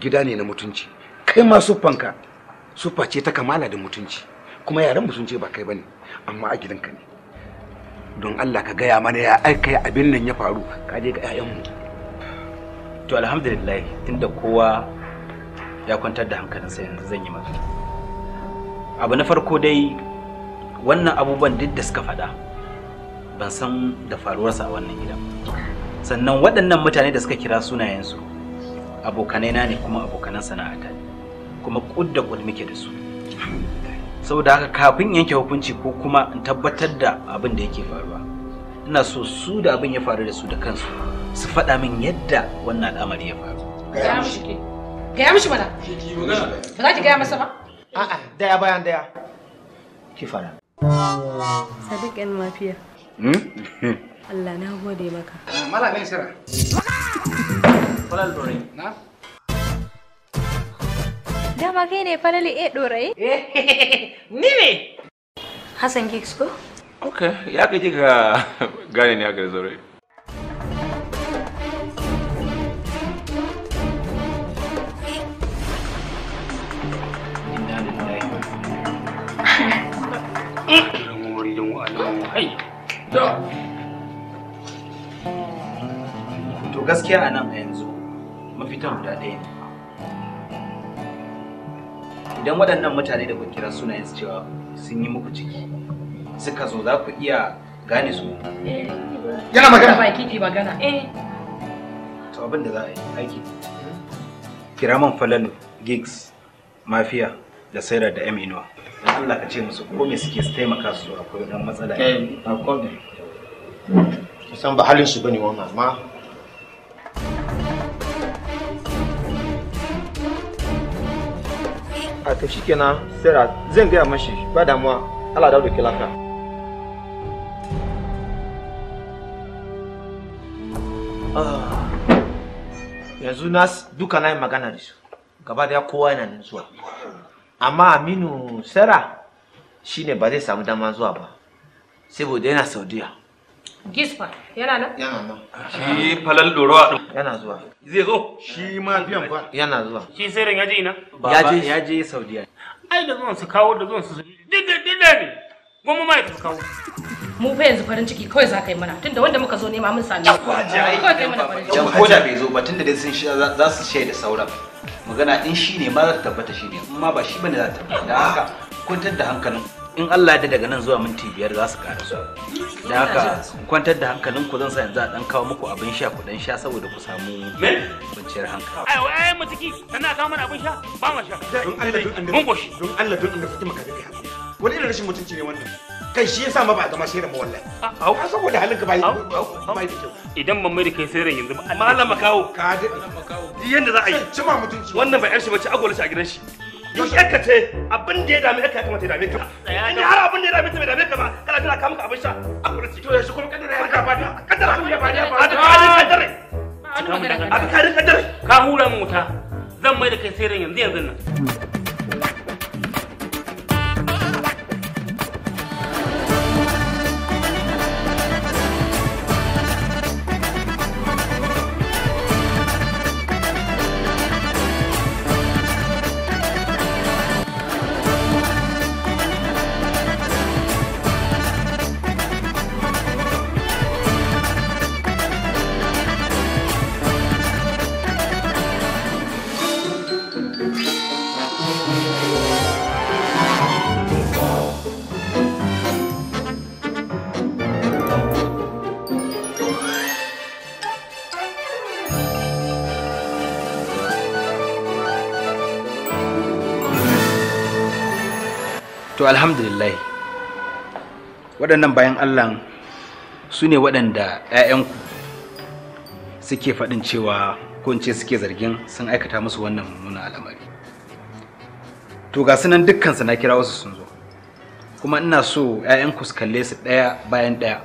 gida ne na mutunci kai ma siffanka siffa ce ta kamala da mutunci kuma yaran mu sun ce ba kai bane amma a gidanka ne don Allah ka gaya mana ya aika abin nan ya faru ka je ga mu. to alhamdulillah inda kowa ya kwantar da sa yanzu zan yi magana abu na farko dai wannan abubuwan duk da suka faɗa ban san da faruwarsa a wannan gidan sannan waɗannan mutane da suka kira sunayensu abokanai na ne kuma abokanan sana'ata kuma kud da kud muke da su saboda haka kafin yanke hukunci ko kuma in tabbatar da abin da yake faruwa ina so su da abin ya faru da su da kansu su faɗa min yadda wannan al'amari ya faru gaya mishi ke gaya mishi mana ba za ki gaya masa ba a'a daya bayan daya ki fara sadiq yan mafiya hmm? Allah na gode maka malamin sira falal dorai na dama kai ne falali a eh, dorai eh, ni ne hassan gigs ko ok ya kai ka gane ne aka zaure To gaskiya a nan a yanzu mafita guda ɗaya ne idan waɗannan mutane da kun kira sunayen cewa sun yi muku ciki suka zo za ku iya gane su yana magana ba kiki magana eh to abin da za a yi aiki kira man falalu gigs mafia da sayar da eminuwa don Allah ka ce musu ko me suke su taimaka su akwai dan matsala eh akwai san ba halin su bane wannan amma a to kenan sera zan gaya mashi ba damuwa Allah da da ke ah, yanzu nas duka na yi magana da su gaba daya kowa yana nan zuwa amma aminu sera shine ba zai samu dama zuwa ba saboda yana saudiya gispa yana nan? Yana nan. Shi falal dorowa din. Yana zuwa. Zai zo? Shi ma biyan fa. Yana zuwa. Shi sai ya je ina? Ya je Saudiya. Ai da zuwan su kawo da zuwan su dinga dinga ne. Gwamma ma ya kawo. Mu fa yanzu farin ciki kawai za ka yi mana tunda wanda muka zo nema mun sami. Kawai kai mana farin ciki. Ko da bai zo ba tunda dai sun za su shaida sauran. Magana in shi ne ma za ta tabbata shi ne, in ma ba shi bane za ta tabbata. Da haka kwantar da hankalinku. in Allah da daga nan zuwa minti biyar za su ƙara su da haka kwantar da hankalin ku zan sa yanzu a dan kawo muku abin sha ku dan sha saboda ku samu kwanciyar hankali ai wai ai mutiki kana kawo mana abin sha ba ma sha don Allah don Allah mun goshi don Allah don Allah fatima ka haka wani irin rashin mutunci ne wannan kai shi yasa ma ba a zama shirin ba wallahi ah, au saboda halinka ba ba da kyau idan ban mai kai ran yanzu ba malama kawo ka dade yanda za a yi cima mutunci wannan ba yar shi bace agwala shi a gidan shi Yau ka ce abin da ya dame ka ya kamata ya dame ka. har abin da ya dame bai dame ka ba kana tana kama ka abin sha a kurci. To kuma kadara ya Kadara ya A A Ka hura min Zan mai da kai sai yanzu yanzu nan. waɗannan bayan allah su ne waɗanda 'ya'yanku suke faɗin cewa ko suke zargin sun aikata musu wannan mummunan al'amari to ga sunan dukkansa na kira wasu sun zo kuma ina so 'ya'yanku su kalle su ɗaya bayan ɗaya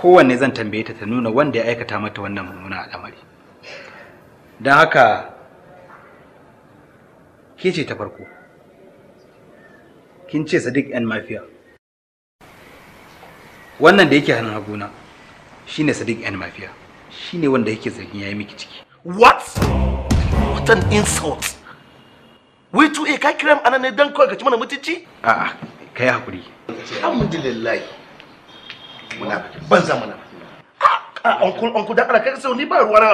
kowanne zan tambaye ta ta nuna wanda ya aikata mata wannan mummunan al'amari don haka ke ce ta farko kin ce sadiq yan mafiya wannan da yake hannun haguna shine sadiq yan mafiya shine wanda yake zargin ya yi miki ciki what what an insult we to a kai kiram anan ne dan kawai ka ci mana mutunci a'a kai hakuri alhamdulillah muna ban zamana a uncle uncle da Allah kai sai ni ba ruwa na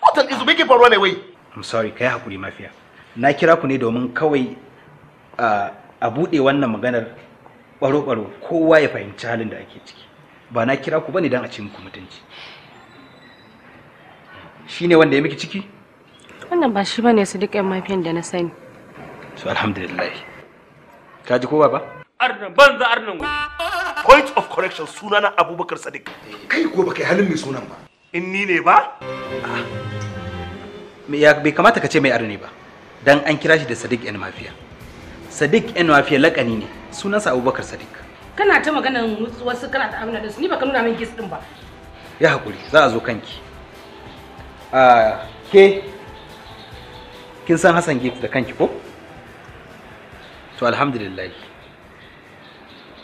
what an insult bike faruwa ne wai i'm sorry kai hakuri mafiya na kira ku ne domin kawai ah, a buɗe wannan maganar baro-baro kowa ya fahimci halin da ake ciki ba na kira ku bane dan a ci muku mutunci shine wanda ya miki ciki wannan ba shi bane su duk yan mafiyan da na sani to alhamdulillah ka ji ko baba arnan za arnan point of correction sunana abubakar sadiq kai ko baka halin mai sunan ba in ni ne ba ah. ya bai kamata ka ce mai arne ba dan an kira shi da sadiq yan mafiya sadiq yan mafiya lakani ne sunansa abubakar sadiq kana ta maganan wasu kana ta amina su ni baka nuna min gis din ba ya hakuri za a zo kanki Ah, ke kin san Hassan Gift da kanki ko to alhamdulillah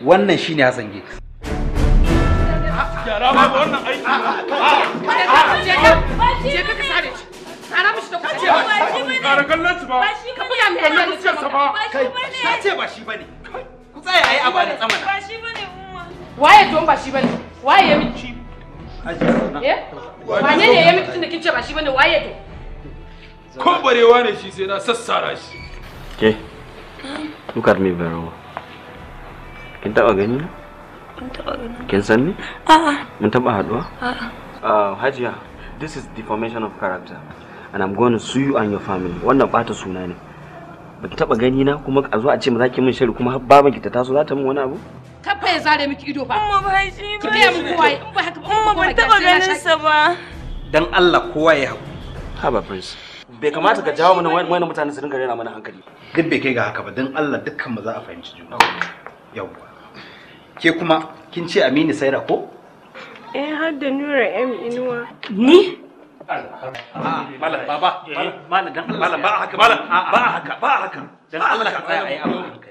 wannan shine Hassan Gift Yara ba ka sare Ba shi Ba ne bane. Ba Ba shi Ba ne Ba tsaya ai tsamana ba shi waye ba shi waye ya miki eh? ne ya miki kin ce ba shi waye to ne shi sai na sassara shi ke kin gani na kin san ni a'a mun a'a ah, hajiya this is deformation of character and i'm going to sue you and your family wannan bata suna ne baki taba gani na kuma a zo a ce mu zaki min shari kuma baban ki ta taso za ta min wani abu kafa ya zare miki ido ba amma ba shi ba kiyaye mu kowa in ba haka ba amma ban taba ganin sa ba dan Allah kowa ya haku ha ba prince bai kamata ka jawo mana wani mutane su dinga rena mana hankali duk bai kai ga haka ba dan Allah dukkan mu za a fahimci juna yawwa ke kuma kin ce Aminu Saira ko eh har da Nura M Inuwa ni Ah, malam baba eh, malam dan ba haka malam ah, ah, ba haka ba haka dan Allah ka tsaya eh,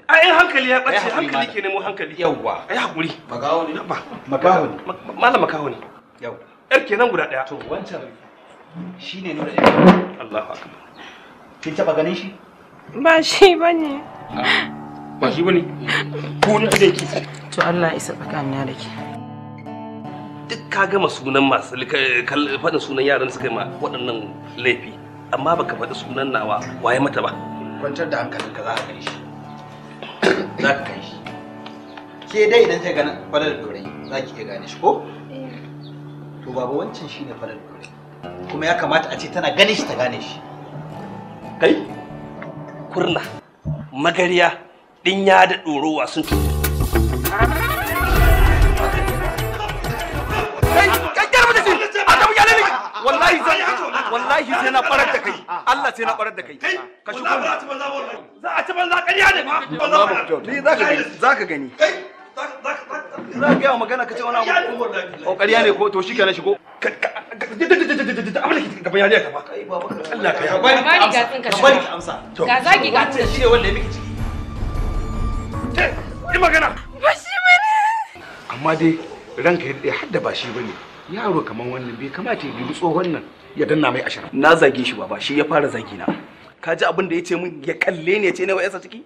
ai hankali ya bace hankali ke nemo hankali yawa ai eh, hakuri magawo ne ba magawo ne malam ne yau yar kenan guda daya to wancan shine Allahu akbar kin taba ganin shi ba shi bane ba shi bane ko ni da to Allah isa tsakanina da ke duk ka gama sunan masu faɗin sunan yaran suka ma waɗannan laifi amma baka faɗi sunan nawa waye mata ba kwantar da hankalin ka za ka kai shi za ka kai shi ke dai idan ta gana falar dorai za ki iya gane shi ko eh. to baba wancan shine falar dorai kuma ya kamata a ce tana ganin shi ta gane shi kai kurna magariya ɗin ya da ɗorowa sun tutu wallahi zan wallahi sai na farar da kai ah, ah, Allah sai na ah. farar da kai ka shi kuma za a ci banza ƙarya ne ba za ka gani za ka gaya magana ka ce wani abu ko oh, ƙarya ne ko to shi kenan shigo ka ka ka ka amma dai ranka ya har da ba shi bane yaro kaman wannan bai kamata ya dubi tsohon nan ya danna mai ashirin na zage shi baba shi ya fara zagi na ka ji abin da ya ce min ya kalle ne ya ce ne wa yasa ciki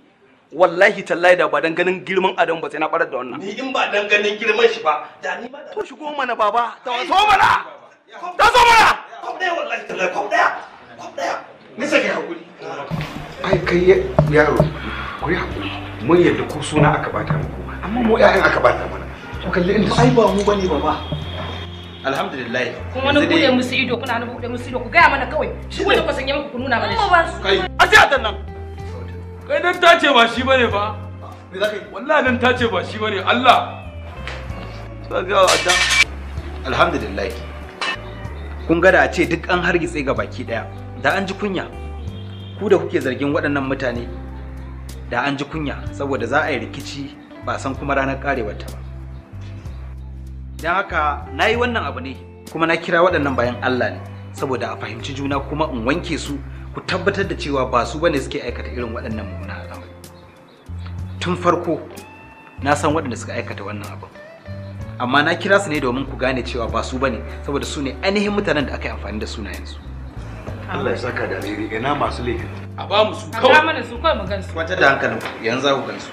wallahi tallahi da ba dan ganin girman adam ba sai na fara da wannan ni in ba dan ganin girman shi ba da ni ba to shigo mana baba ta so mana ta so mana kop daya wallahi tallahi kop daya kop da ni sake hakuri ai kai yaro ku yi hakuri mun yadda ku suna aka bata muku amma mu ƴaƴan aka bata mana ku kalli inda ai ba mu bane baba alhamdulillah kuma na bude musu ido kuna na bude musu ido ku gaya mana kawai shi wanda ku sanya muku ku nuna mana shi kai a ce atan nan kai dan ta ce ba shi ba me za kai wallahi dan ta ce ba shi bane Allah saka atan alhamdulillah kun ga da a ce duk an hargitse ga baki daya da an ji kunya ku da kuke zargin waɗannan mutane da an ji kunya saboda za a yi rikici ba san kuma ranar karewar ta ba don haka na yi wannan abu ne kuma na kira waɗannan bayan Allah ne saboda a fahimci juna kuma in wanke su ku tabbatar da cewa ba su bane suke aikata irin waɗannan mummunan al'amari tun farko na san waɗanda suka aikata wannan abu amma na kira su ne domin ku gane cewa ba su bane saboda su ne ainihin mutanen da aka yi amfani da su. Allah ya saka da riri ina masu laifin a ba mu su kawai a mana su kawai mu gansu kwata da hankalin yanzu za ku gansu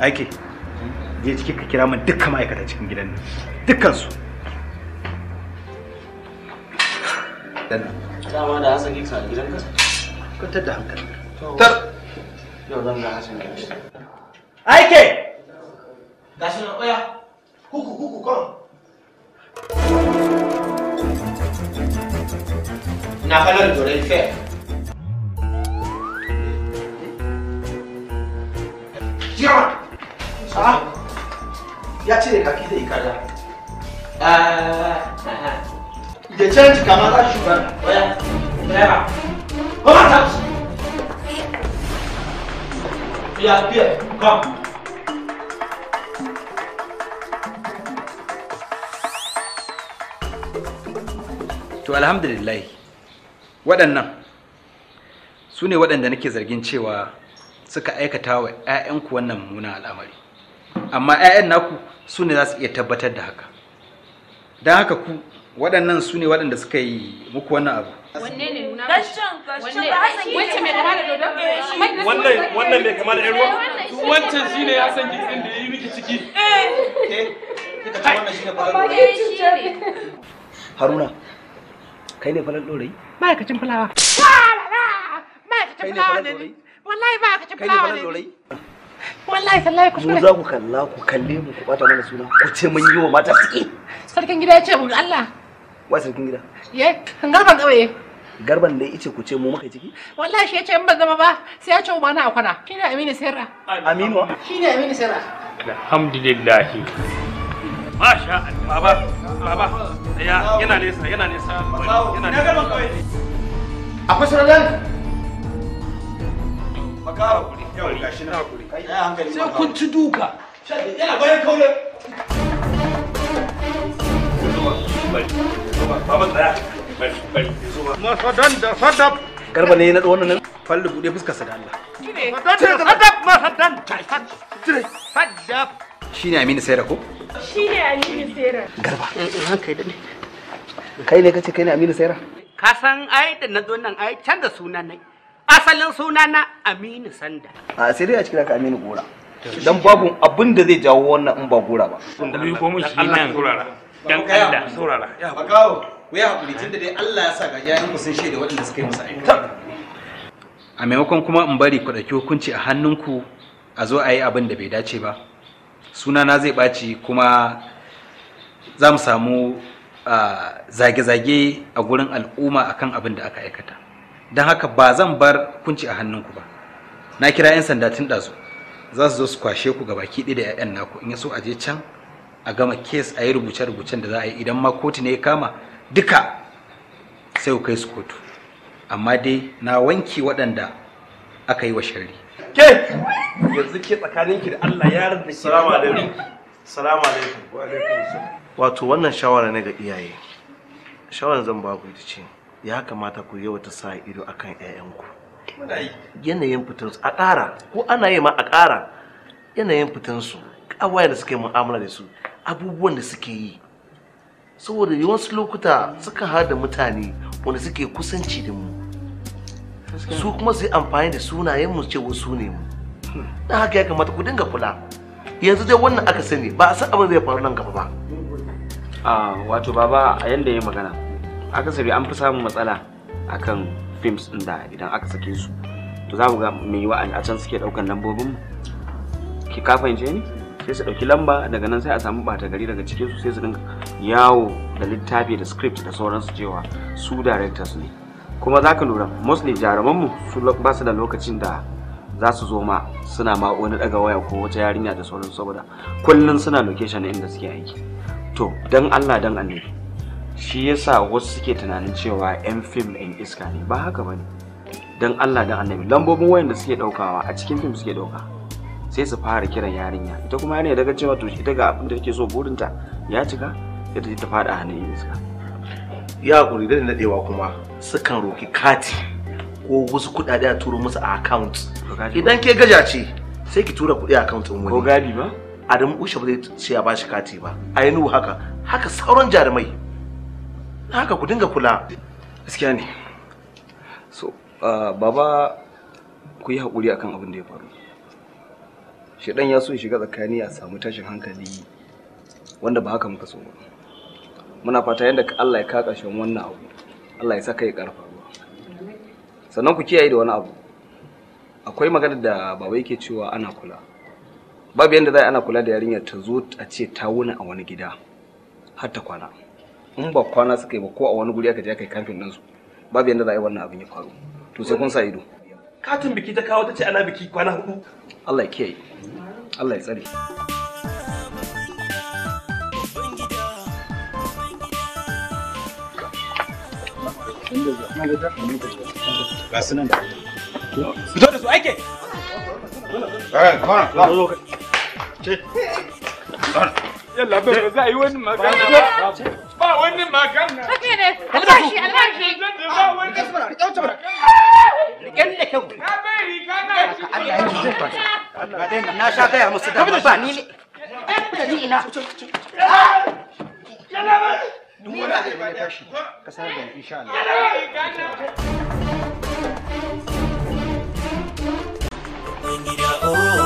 aike je ciki ka kira min dukkan ma'aikata cikin gidan nan dukkansu dama da hasan yake a gidanka kwantar da oya huku huku kan na fair Ah! Ya ce kaki kada. da eh, eh, eh. canji kama za shi shugaba waya driver come on taxi here here come to alhamdulillah waɗannan su ne waɗanda nake zargin cewa suka aikata wa 'ya'yanku wannan muna al'amari amma 'ya'yan naku su ne za su iya tabbatar da haka don haka ku waɗannan su ne waɗanda suka yi muku wannan abu wanne ne nuna gashin mai kama da dodo eh, wannan wannan mai kama da ruwa wancan shine ya san gidin da yi miki ciki eh kika ci wannan shine faran dorayi haruna kai ne faran dorayi ma'aikacin fulawa ma'aikacin fulawa ne wallahi ma'aikacin fulawa ne wallahi tallahi kuskure mu za ku kalla ku kalle mu ku bata mana suna ku ce mun yi wa mata tsiki sarkin gida ya ce mun Allah wai sarkin gida ye garban kauye garban da ku ce mu muka ciki wallahi shi yace in ban zama ba sai ya ce na a kwana shine Aminu Sirra Aminu shine Aminu Sirra alhamdulillah masha Allah baba baba ya yana nesa yana nesa yana nesa akwai saralan makara kuri yau gashi na kuri sai kun ci duka yana bayan kaule Masadan garba ne na wannan nan fallu bude fuskar sa da Allah sadab masadan Aminu sera ko Aminu sera. garba eh, eh, kai ne kace kai ne Aminu sera. ka san ai da na zo nan ai canza suna asalin suna na aminu sanda a sai dai a cikin ka aminu gora dan babu abin da zai jawo wannan in ba gora ba kun ko mun shi nan dan Allah saurara ya ba kawo ku ya hakuri tunda dai Allah ya sa ga yayin ku sun shaida wadanda suka yi musa aiki a maimakon kuma in bari ku dauki hukunci a hannunku a zo a yi abin da bai dace ba sunana zai ɓaci kuma za mu samu ah, zage-zage a gurin al'umma akan abin da aka aikata don haka ba zan bar kunci a hannunku ba na kira 'yan sanda tun ɗazu za su zo su kwashe ku ga baki ɗaya da 'ya'yan naku in so a je can a gama kes a yi rubuce-rubucen da za a yi idan ma kotu ne ya kama duka sai ku kai su kotu amma dai na wanki waɗanda aka yi wa sharri ke yanzu ke tsakaninki da Allah ya da salamu alaikum salamu alaikum wa alaikum wato wannan shawara ne ga iyaye shawaran zan ba ku ita ce ya kamata ku yawata sa ido akan 'ya'yanku yanayin su a ƙara ko ana yi ma a ƙara yanayin fitansu ƙawayen da suke mu'amala da su abubuwan da suke yi saboda yawansu lokuta suka da mutane wanda suke kusanci da mu su kuma su yi amfani da sunayen mu ce wasu ne mu na haka ya kamata ku dinga kula yanzu dai wannan aka sani ba a san abin zai faru nan gaba ba ah, wato baba a yanda ya magana akasari an fi samun matsala akan films din da idan aka sake su to za mu ga mai yiwa a can suke daukan lambobin mu? ki ka fahimce ni sai su dauki lamba daga nan sai a samu bata gari daga cikin su sai su dinga yawo da littafi da script da sauransu cewa su directors ne kuma za ka lura mostly jarumanmu su ba su da lokacin da za su zo ma suna ma wani daga waya ko wata yarinya da sauransu saboda kullum suna location inda suke aiki to dan Allah dan annabi shi yasa wasu suke tunanin cewa 'yan fim 'yan iska ne ba haka ba ne don allah da annabi lambobin wayan da suke daukawa a cikin fim suke dauka sai su fara kiran yarinya ita kuma yarinya daga cewa to ita ga abin da take so burinta ya cika sai ta ta fada hannun iska ya kuri da nadewa kuma sukan roki kati ko wasu kudade a turo musu a account idan ke gaja ce sai ki tura kudi a account din wani ko gadi ba Adamu Usha ba zai ce ya bashi kati ba ainihu haka haka sauran jarumai haka ku dinga kula gaskiya ne so ah, baba ku yi haƙuri akan abin da ya faru shedan ya so ya shiga tsakani a samu tashin hankali wanda ba haka muka so ba muna fata yadda Allah ya kaka shi wannan abu Allah ya saka ya karfa ruwa sannan ku kiyaye da wani abu akwai magana da baba yake cewa ana kula babu yadda za a ana kula da yarinyar ta zo a ce ta wuna a wani gida har ta kwana in ba kwana suka yi ba ko a wani guri aka je aka yi kamfin su babu yadda za a yi wannan abin ya faru to sai kun sa ido katin biki ta kawo ta ce ana biki kwana hudu Allah ya kiyaye Allah ya tsare fito da su aike eh, yalla za a yi wani magana ba wani magana kake ne albashi albashi ba ah, wani rike wuce rike ni kyau na bai riga na shi Allah ya ji zai na sha gaya musu da ba ni ne da ni ina duk wani abu da ya tashi ka sanar da insha Allah